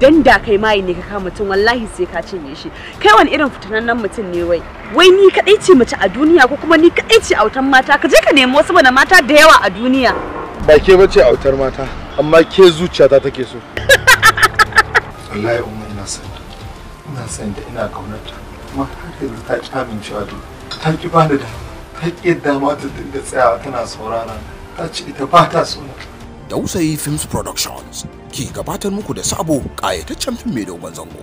dan da kai mai ne ka ka mutum wallahi sai ka cinye shi kai wani irin nan mutum ne wai wai ni kadai ce mace a duniya ko kuma ni kadai ce autan mata ka je ka nemi wasu bana mata da yawa a duniya ba ke bace autar mata amma ke zuciyata take so wallahi umma ina son ina san da ina kaunarta kuma har yanzu ta ki amince a ta ki bani da ta ki yadda ma ta dinga tsayawa tana saurara ta ce ita ba ta so Dausayi Films Productions ke gabatar muku da sabo ƙayataccen fim mai dogon zango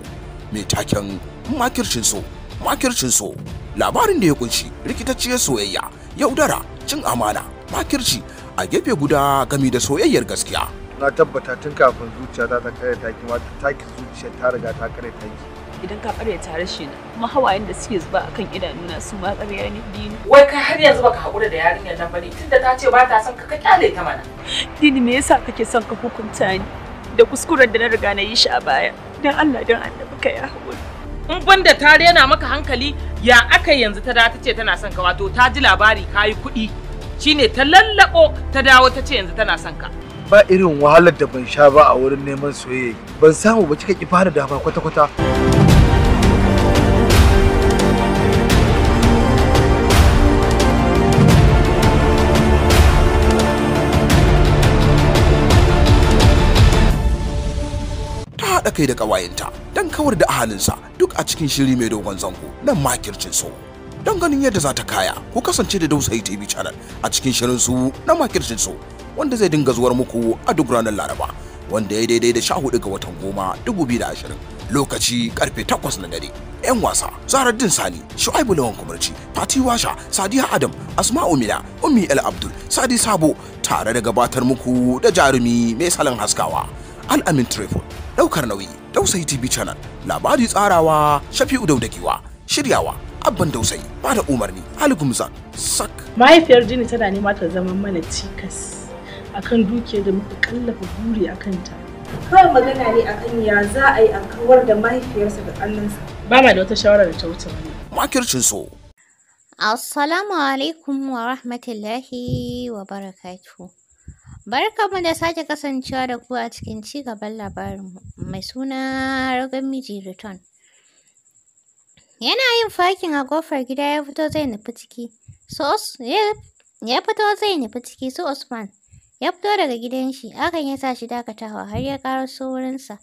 mai taken makircin so makircin so labarin da ya kunshi rikitacciyar soyayya yaudara cin amana makirci a gefe guda gami da soyayyar gaskiya na tabbata tun kafin zuciya ta ta kare taki ma taki zuciya ta riga ta kare taki idan ka tare shi na kuma hawayen da suke zuba akan idanuna su ma ƙarya ne dini wai kai har yanzu baka haƙura da yarinyar nan bane tunda ta ce ba ta son ka ka kyale ta mana dini me yasa kake son ka hukunta ni da kuskuren da na riga na yi shi a baya dan Allah dan annabi ka ya haƙuri in banda ta rena maka hankali ya aka yanzu ta da ta ce tana son ka wato ta ji labari yi kuɗi shine ta lallabo ta dawo ta ce yanzu tana son ka ba irin wahalar da ban sha ba a wurin neman soyayya ban samu ba kika ki fara dama kwata-kwata. kai da ƙawayenta don kawar da ahalinsa duk a cikin shiri mai dogon zango na makircin so Don ganin yadda za ta kaya, ku kasance da Dausayi TV channel a cikin shirin su na makircin so wanda zai dinga zuwar muku a duk ranar Laraba wanda ya daidai da 14 ga watan goma 2020 lokaci karfe 8 na dare. 'Yan wasa din Sani, Shu'aibu Lawan Kumarci, Fati Washa, Sadiya Adam, Asma'u Mila, Ummi El Abdul, Sadi Sabo tare da gabatar muku da jarumi mai salon haskawa. al'amin travel ɗaukar nauyi dausayi tv channel labari tsarawa shafi'u daudagiwa shiryawa abban dausayi ba da umarni algumzan sak mahaifiyar jini tana nema ta zama mana cikas akan dukiyar da muka kallafa buri a kanta. kawai magana ne akan ya za a yi a kawar da mahaifiyarsa da ƙannansa ba ma da wata shawara da ta wuce wani makircin so assalamu alaikum wa rahmatullahi wa barakatuhu Barkanmu da sake kasancewa da ku a cikin ci gaban labarinmu mai suna Ragon Miji Return. Yana yin fakin a kofar gida ya fito zai nufi ciki. ya fito zai nufi ciki su Usman. Ya fito daga gidan shi, hakan ya sa shi dakatawa har ya ƙaraso wurinsa.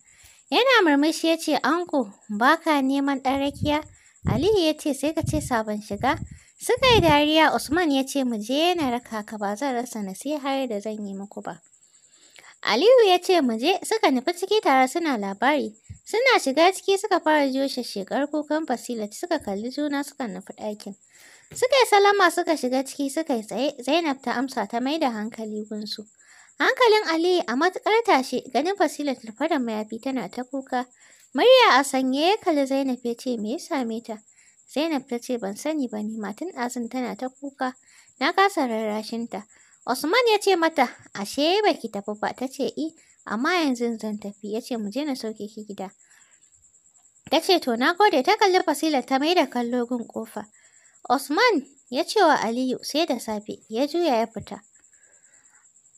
Yana murmushi ya ce, Anko, ba ka neman ɗan rakiya? Aliyu ya ce, sai ka ce sabon shiga. Suka yi dariya Usman ya ce mu je yana raka ka ba zan rasa nasihar da zan yi muku ba. Aliyu ya ce mu je suka nufi ciki tare suna labari. Suna shiga ciki suka fara jiyo shekar kukan Fasilat suka kalli juna suka nufi ɗakin. Suka yi salama suka shiga ciki suka yi tsaye Zainab ta amsa ta mai da hankali gunsu. Hankalin Aliyu a matuƙar tashe ganin Fasilat da mayafi tana ta kuka. Murya a sanye ya kalli Zainab ya ce me ya same ta? Zainab ta ce ban sani ba ni matan ɗazun tana ta kuka. Na kasa rarrashinta. Usman ya ce mata ashe ba ki tafi ba ta ce i eh, amma yanzu zan tafi ya ce mu je na sauke ki gida. Ta ce to na gode ta kalli fasila ta mai da kallo gun kofa. Usman ya ce wa Aliyu sai da safe ya juya ya fita.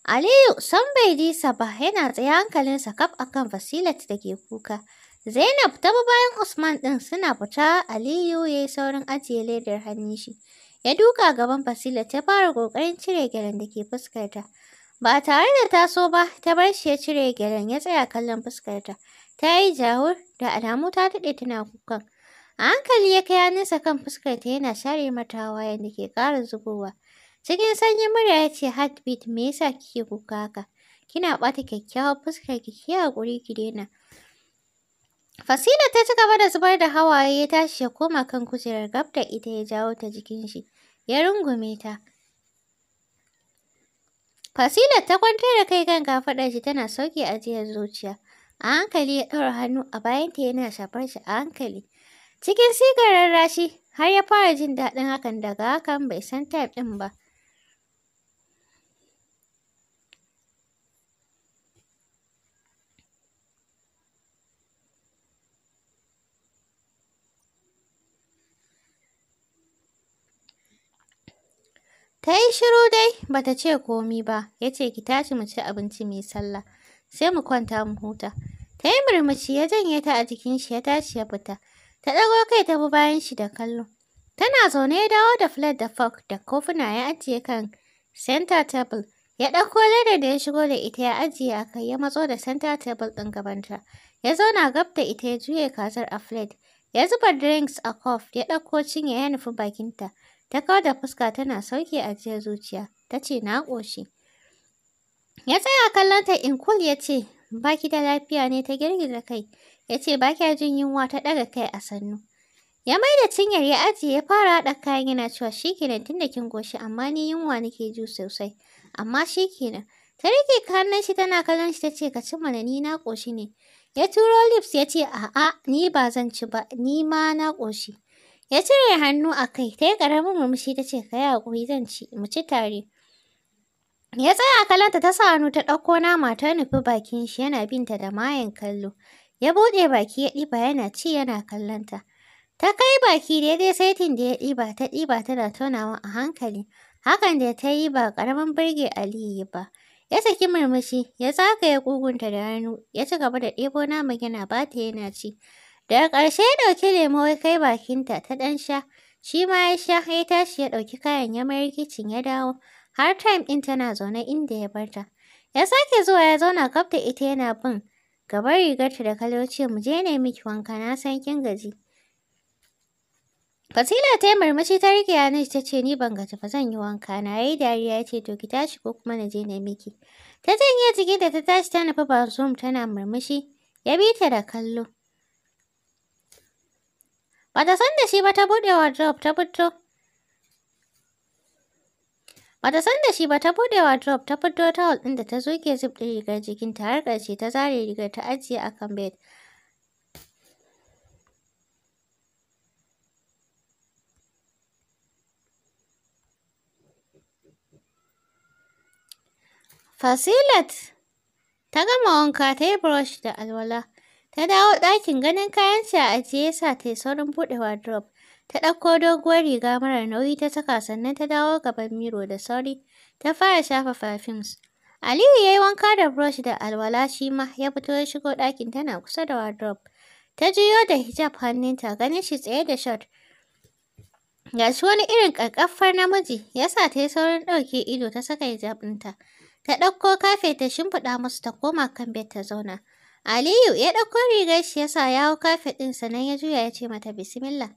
Aliyu san bai disa ba yana tsaye hankalinsa kaf akan Fasilat da ke kuka. Zainab ta bi bayan Usman ɗin suna fita Aliyu ya yi saurin ajiye ledar hannun shi. Ya duka gaban Fasila ta fara ƙoƙarin cire gyaran da ke fuskarta. Ba tare da ta so ba, ta bar shi ya cire gyaran ya tsaya kallon fuskarta. Ta yi jawur da alamu ta daɗe tana kukan. A hankali ya kai hannunsa kan fuskarta yana share mata hawayen da ke ƙara zubowa. Cikin sanyin murya ya ce heartbeat me yasa kike kuka haka? Kina ɓata kyakkyawar fuskar ki ki haƙuri ki daina. Fasila ta ci gaba da zubar da hawaye ya tashi ya koma kan kujerar gab da ita ya jawo ta jikin shi, ya rungume ta. Fasila ta kwantar da kai kan kafaɗar shi tana sauke ajiyar zuciya. A hankali ya ɗaura hannu a bayanta yana shafar shi a hankali. Cikin sigar rarrashi har ya fara jin daɗin hakan daga hakan bai san type ɗin ba. Ta yi shiru dai, ba ta ce komi ba, ya ce ki tashi mu ci abinci mai sallah, sai mu kwanta mu huta. Ta yi murmushi ya janye ta a jikin shi ya tashi ya fita. Ta ɗago kai ta bi bayan shi da kallo. Tana zaune ya dawo da flat da fork da kofuna ya ajiye kan center table. Ya ɗauko leda da ya shigo da ita ya ajiye a kai ya matso da center table ɗin gabanta. Ya zauna gab da ita ya juye kazar a flat. Ya zuba drinks a kof ya ɗauko cinye ya nufi bakinta. Ta kawo da fuska tana sauke a jiya zuciya. Ta ce na ƙoshi. Ya tsaya kallon ta inkul ya ce ba ki da lafiya ne ta girgiza kai. Ya ce ba kya jin yunwa ta ɗaga kai a sannu. Ya mai da cinyar ya ajiye ya fara haɗa kayan yana cewa shi kenan tun da kin goshi amma ni yunwa nake ji sosai. Amma shi kenan. Ta rike hannun shi tana kallon shi ta ce ka ci mana ni na ƙoshi ne. Ya turo lips ya ce a'a ni ba zan ci ba ni ma na ƙoshi. Ya cire hannu a kai, ta yi ƙaramin murmushi ta ce, ka yi haƙuri zan ci, mu ci tare. Ya tsaya kalanta ta sa hannu ta ɗauko nama ta nufi bakin shi yana binta da mayan kallo. Ya buɗe baki ya ɗiba yana ci yana kallonta. Ta kai baki daidai saitin da ya ɗiba ta ɗiba tana tonawa a hankali. Hakan da ta yi ba ƙaramin birge Aliyu ba. Ya saki murmushi, ya zagaye ƙugunta da hannu, ya ci gaba da ɗebo naman yana ba ta yana ci. Da ƙarshe ya ɗauki lemo ya kai bakinta ta ɗan sha. Shi ma ya sha ya tashi ya ɗauki kayan ya mayar kicin ya dawo. Har time ɗin tana zaune inda ya bar ta. Ya sake zuwa ya zauna gab da ita yana bin gabar rigarta da kalo ce mu je ne miki wanka na san kin gaji. Fasila ta yi murmushi ta rike yanar ta ce ni ban gaji ba zan yi wanka na yayi dariya ya ce to ki tashi ko kuma na je na miki. Ta janye jikin da ta tashi ta nufi bathroom tana murmushi ya bi ta da kallo. Ba ta san da shi ba ta buɗe wardrobe ta fito. Bata san da shi ba ta buɗe wardrobe ta fito towel ɗin da ta zuke zip ɗin rigar jikinta har ƙarshe ta zare rigar ta ajiye a kan bed. Fasilat ta gama wanka ta yi brush da alwala. Ta dawo ɗakin ganin kayan a ajiye sa ta yi saurin buɗe wardrobe. Ta ɗauko doguwar riga mara nauyi ta saka sannan ta dawo gaban miro da sauri. Ta fara shafa perfumes. Aliyu ya yi wanka da brush da alwala shi ma ya fito ya shigo ɗakin tana kusa da wardrobe. Ta juyo da hijab hannunta ganin shi tsaye da shirt. Ga shi wani irin ƙaƙƙaffar namiji ya sa ta yi saurin ɗauke ido ta saka hijab ɗinta. Ta ɗauko kafe ta shimfiɗa musu ta koma kan bed ta zauna. Aliyu ya ɗauko rigar shi ya sa ya hau kafet ɗin sannan ya juya ya ce mata bismillah.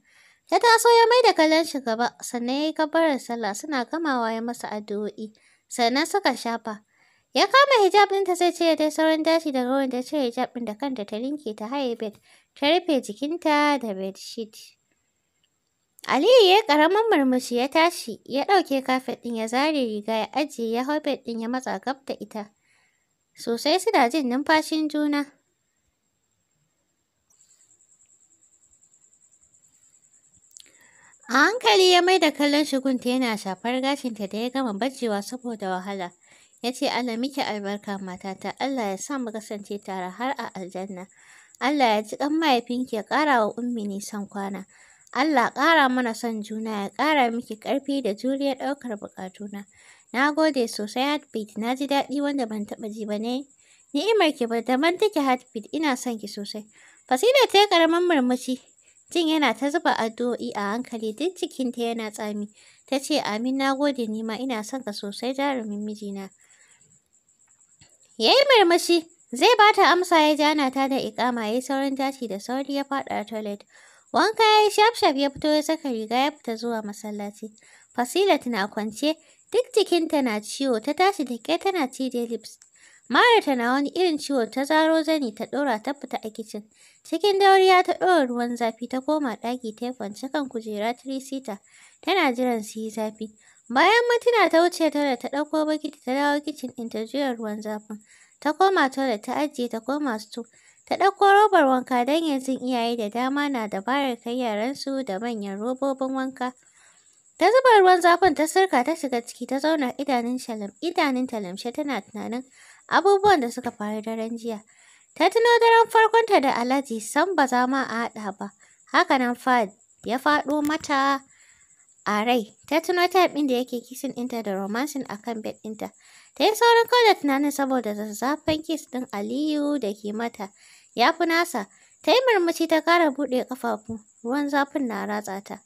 ta taso ya mai da kallon shi gaba sannan ya yi kabbarar sallah suna gamawa ya masa addu'o'i sannan suka shafa. Ya kama hijab ɗinta zai ce ya dai sauran dashi daga wanda ya cire hijab ɗin da kanta ta rinke ta haye bed ta rufe jikinta da bedsheet. Aliyu ya yi ƙaramin murmushi ya tashi ya ɗauke kafet ɗin ya zare riga ya ajiye ya hau bed ɗin ya matsa gab da ita. Sosai suna jin numfashin juna. A hankali ya mai da kallon shigunta yana shafar gashinta da ya gama bajewa saboda wahala. Ya ce, Allah miki albarka matata, Allah ya sa mu kasance tare har a aljanna. Allah ya ji kan mahaifinki ya ƙara wa ummi nisan kwana. Allah ƙara mana son juna ya ƙara miki ƙarfi da juriya ɗaukar buƙatuna. Na gode sosai Heartbeat, na ji daɗi wanda ban taɓa ji ba ne. Ni'imar ki ba daban take Heartbeat, ina son ki sosai. Fasila ta yi ƙaramin murmushi, Jin yana ta zuba addu'o'i a hankali duk cikinta yana tsami. Ta ce, Amin na gode ni ma ina son ka sosai jarumin mijina. Ya yi murmushi, zai bata amsa ya ja ta da ikama ya yi saurin tashi da sauri ya faɗa a toilet. Wanka ya yi shaf-shaf ya fito ya saka riga ya fita zuwa masallaci. Fasilat na kwance, duk cikinta na ciwo ta tashi da ke tana cije lips. ta na wani irin ciwon ta zaro zani ta ɗora ta fita a kicin. Cikin dauriya ta ɗora ruwan zafi ta koma ɗaki ta yi kwance kan kujera tirisita. Tana jiran su yi zafi. Bayan mintuna ta wuce da ta ɗauko bakiti ta dawo kicin ɗin ta juya ruwan zafin. Ta koma da ta ajiye ta koma su Ta ɗauko robar wanka don yanzu iyaye da dama na dabarar kai yaransu da manyan robobin wanka. Ta zuba ruwan zafin ta sirka ta shiga ciki ta zauna idanun talamshe tana tunanin abubuwan da suka faru daren jiya. Ta tuno daren farkonta da Alhaji san ba za ma a haɗa ba. Haka nan fa ya faɗo mata a rai. Ta tuno ta ɗin da yake kisin ɗinta da romancing a kan bed ɗinta. Ta yi saurin kawai da tunanin saboda zazzafan kis ɗin Aliyu da ke mata. Ya fi nasa. Ta yi murmushi ta ƙara buɗe ƙafafu. Ruwan zafin na ratsa ta.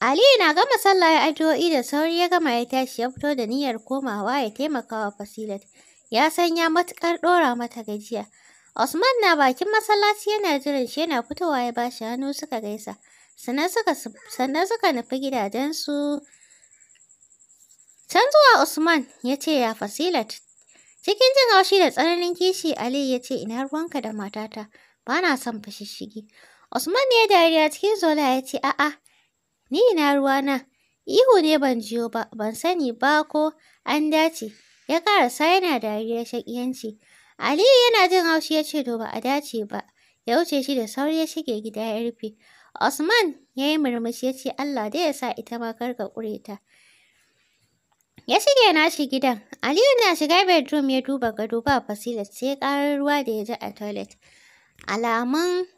Aliyu na gama sallah ya addu'o'i da sauri ya gama ya tashi ya fito da niyyar komawa ya taimaka wa Fasilat. Ya sanya ya matuƙar ɗora mata gajiya. Usman na bakin masallaci yana jiran shi yana fitowa ya bashi hannu suka gaisa. Sannan suka sannan suka nufi gidajensu. Can zuwa Usman ya ce ya Fasilat. Cikin jin haushi da tsananin kishi Aliyu ya ce ina ruwanka da matata Bana na son fashishigi. Usman ne ya dariya cikin zola ya ce a'a Ni na ruwa na. ihu ne ban jiyo ba, ban sani ba ko an dace. Ya karasa yana dariyar shakiyanci. Aliyu yana jin haushi ya ce to ba a dace ba. Ya wuce shi da sauri ya shige gida ya rufe. Osman ya yi murmushi ya ce Allah dai ya sa ita ma kar ka ƙure ta. Ya shige nashi gidan. Aliyu na shiga bedroom ya duba gado ba fasila sai karar ruwa da ya ji a toilet. Alamun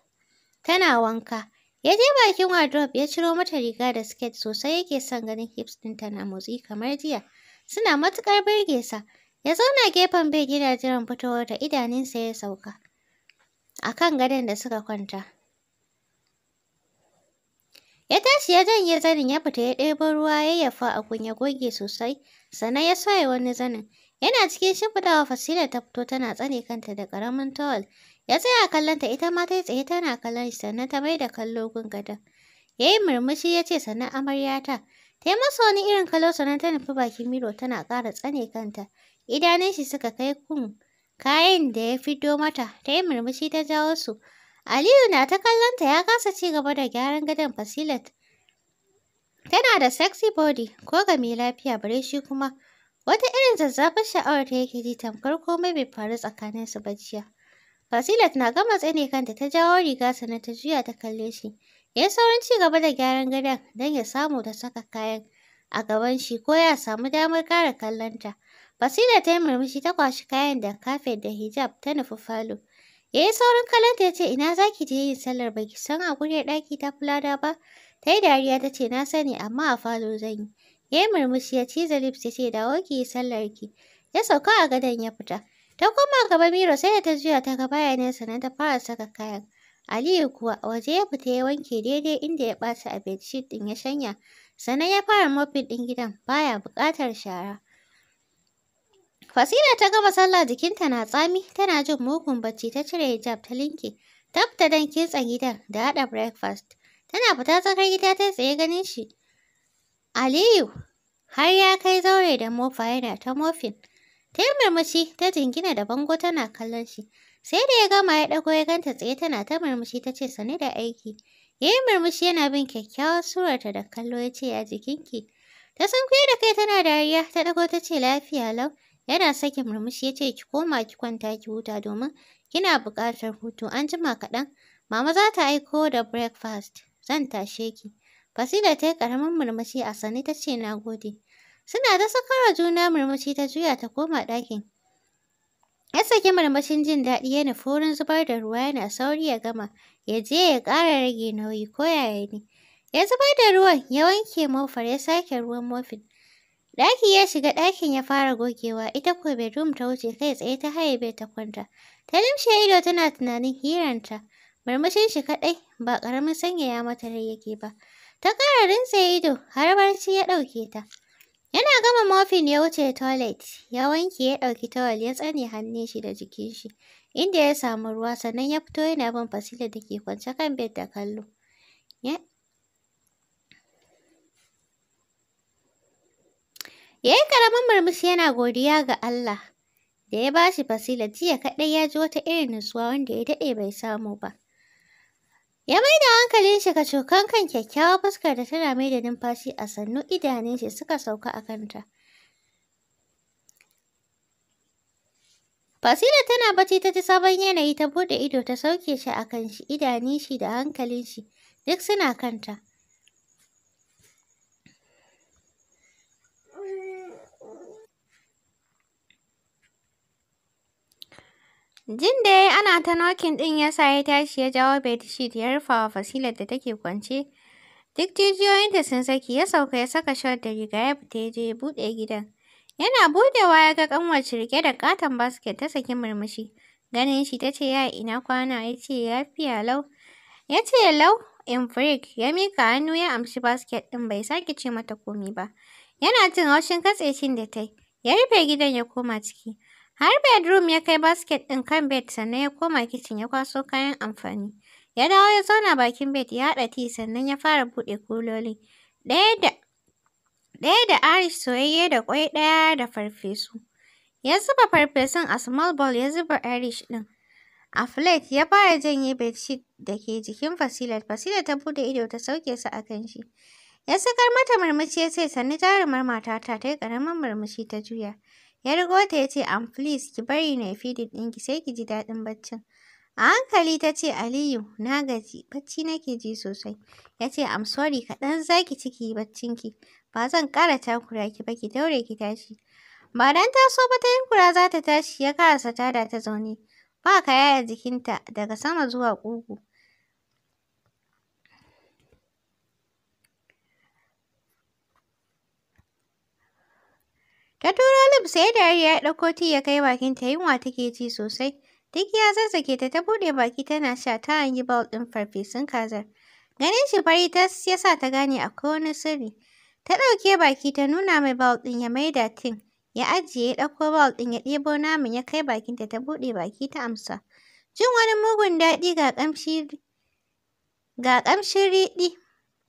tana wanka. Ya je bakin wardrobe ya ciro mata riga da siket sosai yake son ganin hips ta na motsi kamar jiya. Suna matuƙar birge sa. Ya zauna gefen bai gida jiran fitowar da idanunsa ya sauka. A kan gadon da suka kwanta. Ya tashi ya janye zanin ya fita ya ɗebo ruwa ya yafa a kun ya goge sosai, sannan ya soya wani zanin. Yana cikin shimfiɗawa fasilar ta fito tana tsane kanta da ƙaramin towel. Ya tsaya kallon ta ita ma ta yi tsaye tana kallon shi sannan ta mai da kallo gun gadon. Ya yi murmushi ya ce sannan amaryata. Ta yi masa wani irin kallo sannan ta nufi bakin miro tana kara tsane kanta. Idanun shi suka kai kun kayan da ya fiddo mata. Ta yi murmushi ta jawo su. Aliyu na ta kallon ta ya kasa ci gaba da gyaran gadon Fasilat. Tana da sexy body ko ga mai lafiya bare shi kuma. Wata irin zazzafin sha'awar ta yake ji tamkar komai bai faru tsakaninsu ba jiya. Fasilat na gama tsane kanta ta jawo riga sannan ta juya ta kalle shi. Ya yi saurin ci gaba da gyaran gadon don ya samu ta saka kayan a gaban shi ko ya samu damar ƙara kallonta. Fasila ta yi murmushi ta kwashi kayan da kafet da hijab ta nufi falo. Ya yi saurin kallonta ya ce ina za ki je yin sallar baki san a gure ɗaki ta fulada ba. Ta yi dariya ta ce na sani amma a falo zan yi. Ya yi murmushi ya ciza lips ya ce dawo ki yi sallar ki. Ya sauka a gadon ya fita. Ta koma gaba miro sai da ta juya ta ga baya ne sannan ta fara saka kayan. Aliyu kuwa waje ya fita ya wanke daidai inda ya ɓaci a bedsheet ɗin ya shanya. Sannan ya fara mopping ɗin gidan baya buƙatar shara. Fasila ta gama sallah jikinta na tsami tana jin mugun bacci ta cire hijab ta linke. Ta fita don kitsa gidan da haɗa breakfast. Tana fita tsakar gida ta tsaye ganin shi. Aliyu har ya kai zaure da mofa yana ta mofin. Ta yi murmushi ta jingina da bango tana kallon shi. Sai da ya gama ya ɗago ya ganta tsaye tana ta murmushi ta ce sani da aiki. Ya yi murmushi yana bin kyakkyawar surarta da kallo ya ce ya jikinki. Ta san kuyi da kai tana dariya ta ɗago ta ce lafiya lau. Yana sake murmushi ya ce ki koma ki kwanta ki huta domin kina buƙatar hutu an jima kaɗan. Mama za ta aiko da breakfast. Zan tashe ki. Fasila ta yi ƙaramin murmushi a sani ta ce na gode. Suna ta sakara juna murmushi ta juya ta koma ɗakin. Ya saki marmashin jin daɗi yana furin zubar da ruwa yana sauri ya gama, ya je ya ƙara rage nauyi ko yaya ne. Ya zubar da ruwan ya wanke mofar ya sake ruwan mofin. Ɗaki ya shiga ɗakin ya fara gogewa ita ko dum ta wuce kai tsaye ta haye bai ta kwanta. Ta limshe ido tana tunanin hiranta. Murmushin shi kaɗai ba ƙaramin sanyaya mata rai yake ba. Ta ƙara rinsa ido har barci ya ɗauke ta. Yana gama mofin ya wuce toilet, ya wanke ya ɗauki tawal ya tsane hannun shi da jikin shi, inda ya samu ruwa sannan ya fito yana bin Fasila da ke kwance kan bed da kallo. Ya yi ƙaramin murmushi yana godiya ga Allah da ya ba shi Fasila jiya kaɗai ya ji wata irin nutsuwa wanda ya daɗe bai samu ba. Ya mai da hankalin shi ga cokan kan kyakkyawa fuskar da tana mai da numfashi a sannu idanun shi suka sauka a kanta. Fasila tana bacci ta ji sabon yanayi ta buɗe ido ta sauke shi a kan shi idanun shi da hankalin shi duk suna kanta. Jin da ya ana ta nokin ɗin ya sa ya tashi ya jawo bedsheet ya rufa wa fasilar da take kwance. Duk jijiyoyinta sun saki ya sauka ya saka shot da riga ya fita ya je buɗe gidan. Yana buɗewa ya ga ƙanwar rike da ƙaton basket ta saki murmushi. Ganin shi ta ce ya ina kwana ya ce lafiya lau. Ya ce lau in break ya mika hannu ya amshi basket ɗin bai sake ce mata komi ba. Yana jin haushin katse cin da ta yi. Ya rufe gidan ya koma ciki. Har bedroom ya kai basket ɗin kan bed sannan ya koma kicin ya kwaso kayan amfani. Ya dawo ya zauna bakin bed ya haɗa tea sannan ya fara buɗe kuloli. Ɗaya da Irish soyayye da ƙwai ɗaya da farfesu. Ya zuba farfesun a small ball ya zuba Irish ɗin. A plate ya fara janye bedsheet da ke jikin Fasilat. Fasilat ta buɗe ido ta sauke su a kan shi. Ya sakar mata murmushi ya ce sannu jarumar matata ta yi ƙaramin murmushi ta juya. Ya rigo ta ya ce, "Am please, ki bari na fidi ɗinki sai ki ji daɗin baccin." A hankali ta ce, "Aliyu, na gaji, bacci nake ji sosai." Ya ce, "Am sorry, kaɗan za ki ciki baccinki. Ba zan ƙara takura ki ba, ki daure ki tashi." Ba dan ta so ba ta yi kura za ta tashi, ya karasa tada ta zaune. Ba ka yaya jikinta daga sama zuwa ƙugu. Ta turo lip sai dariya ya ɗauko ti ya kai bakinta yunwa take ci sosai. Tiki ya zazzake ta ta buɗe baki tana sha ta hangi bal ɗin farfesun kazar. Ganin shi fari ta ya sa ta gane akwai wani sirri. Ta ɗauke baki ta nuna mai bal ɗin ya maida tin. Ya ajiye ya ɗauko bal ɗin ya ɗebo naman ya kai bakinta ta buɗe baki ta amsa. Jin wani mugun daɗi ga ƙamshi ga ƙamshin riɗi.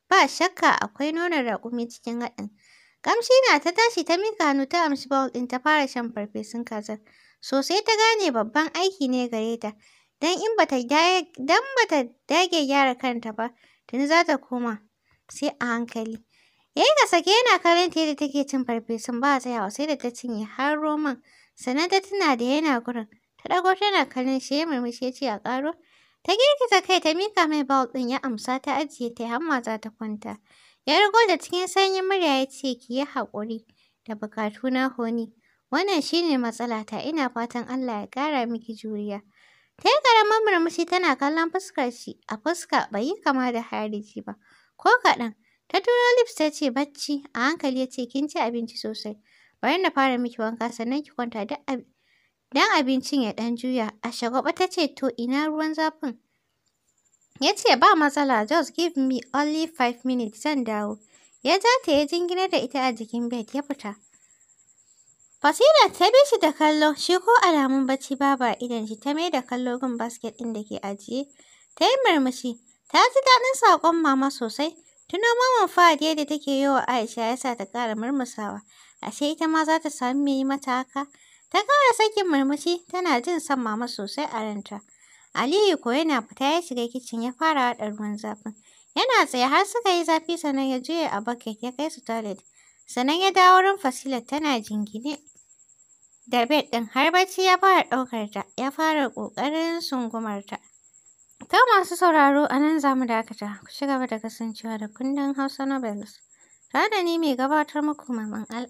Ba shakka akwai nonon raƙumi cikin haɗin. Kamshi na ta tashi ta mika hannu ta amshi bowl ɗin ta fara shan farfesun kazar. Sosai ta gane babban aiki ne gare ta. Don in bata dan bata dage gyara kanta ba, tuni za ta koma. Sai a hankali. Yayi ka sake yana kallon ta da take cin farfesun ba tsayawa sai da ta cinye har roman. Sannan ta tuna da yana gurin. Ta ɗago tana kallon shi ya murmushi ya ce a ƙaro. Ta girgiza kai ta mika mai bowl ɗin ya amsa ta ajiye ta yi hamma za ta kwanta. Ya rigo da cikin sanyin murya ya ce, ki yi haƙuri da buƙatu na honi. Wannan shine matsala ta, ina fatan Allah ya ƙara miki juriya. Ta yi ƙaramin murmushi tana kallon fuskar shi, a fuska bai yi kama da hariji ba, ko kaɗan. Ta turo lips ta ce bacci, a hankali ya ce kin ci abinci sosai. Bari na fara miki wanka sannan ki kwanta don abincin ya ɗan juya. A shagwaɓa ta ce to ina ruwan zafin? Ya ce ba matsala just give me only five minutes zan dawo. Ya ja ta ya jingina da ita a jikin bed ya fita. Fasila ta bi shi da kallo shi ko alamun bacci babu a idan shi ta mai da kallo gun basket ɗin da ke ajiye. Ta yi murmushi ta ji daɗin saƙon mama sosai. Tuno maman fadi yadda take yi wa Aisha ya sa ta ƙara murmusawa. Ashe ita ma za ta sami mai mataka. mata haka? Ta ƙara sakin murmushi tana jin son mama sosai a ranta. Aliyu ko yana fita ya shiga kicin ya fara haɗa ruwan zafin. Yana tsaye har suka yi zafi sannan ya juya a bucket ya kai su toilet. Sannan ya dawo wurin Fasilat tana jingine da bed ɗin har bacci ya fara ɗaukar ta, ya fara ƙoƙarin sungumar ta. Ta masu sauraro a nan za mu dakata, ku ci gaba da kasancewa da kundin Hausa Nobels. Tare da ni mai gabatar muku Maman Al.